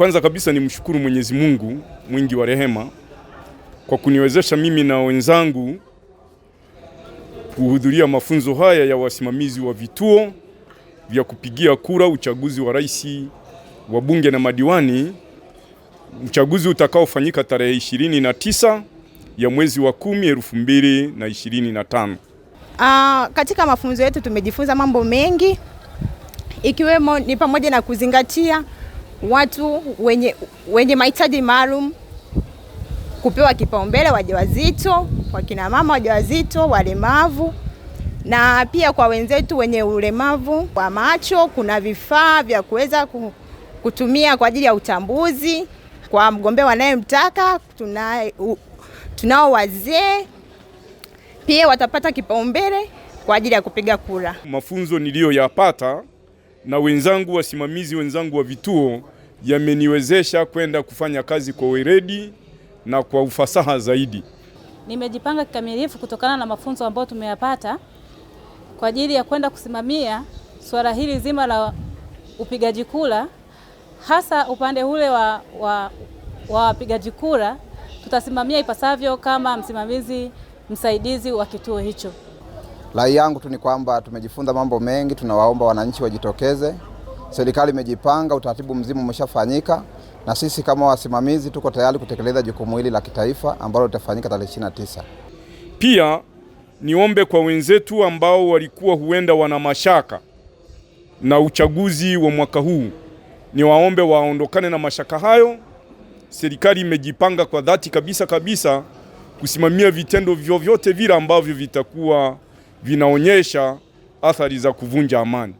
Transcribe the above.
Kwanza kabisa mshukuru Mwenyezi Mungu mwingi wa rehema kwa kuniwezesha mimi na wenzangu kuhudhuria mafunzo haya ya wasimamizi wa vituo vya kupigia kura uchaguzi wa rais, wa bunge na madiwani, uchaguzi utakaofanyika tarehe 29 ya mwezi wa 10 2025. Ah, katika mafunzo yetu tumejifunza mambo mengi ikiwemo ni pamoja na kuzingatia watu wenye, wenye mahitaji maalum kupewa kipaumbele, wajawazito, wakina mama wajawazito, walemavu na pia kwa wenzetu wenye ulemavu wa macho kuna vifaa vya kuweza kutumia kwa ajili ya utambuzi kwa mgombea wanayemtaka. Tunao wazee pia watapata kipaumbele kwa ajili ya kupiga kura. Mafunzo niliyoyapata na wenzangu wasimamizi wenzangu wa vituo yameniwezesha kwenda kufanya kazi kwa weledi na kwa ufasaha zaidi. Nimejipanga kikamilifu kutokana na mafunzo ambayo tumeyapata kwa ajili ya kwenda kusimamia suala hili zima la upigaji kura, hasa upande ule wa wapigaji wa kura tutasimamia ipasavyo kama msimamizi msaidizi wa kituo hicho. Rai yangu tu ni kwamba tumejifunza mambo mengi, tunawaomba wananchi wajitokeze serikali imejipanga, utaratibu mzima umeshafanyika na sisi kama wasimamizi tuko tayari kutekeleza jukumu hili la kitaifa ambalo litafanyika tarehe 29. Pia niombe kwa wenzetu ambao walikuwa huenda wana mashaka na uchaguzi wa mwaka huu, niwaombe waondokane na mashaka hayo. Serikali imejipanga kwa dhati kabisa kabisa kusimamia vitendo vyovyote vile ambavyo vitakuwa vinaonyesha athari za kuvunja amani.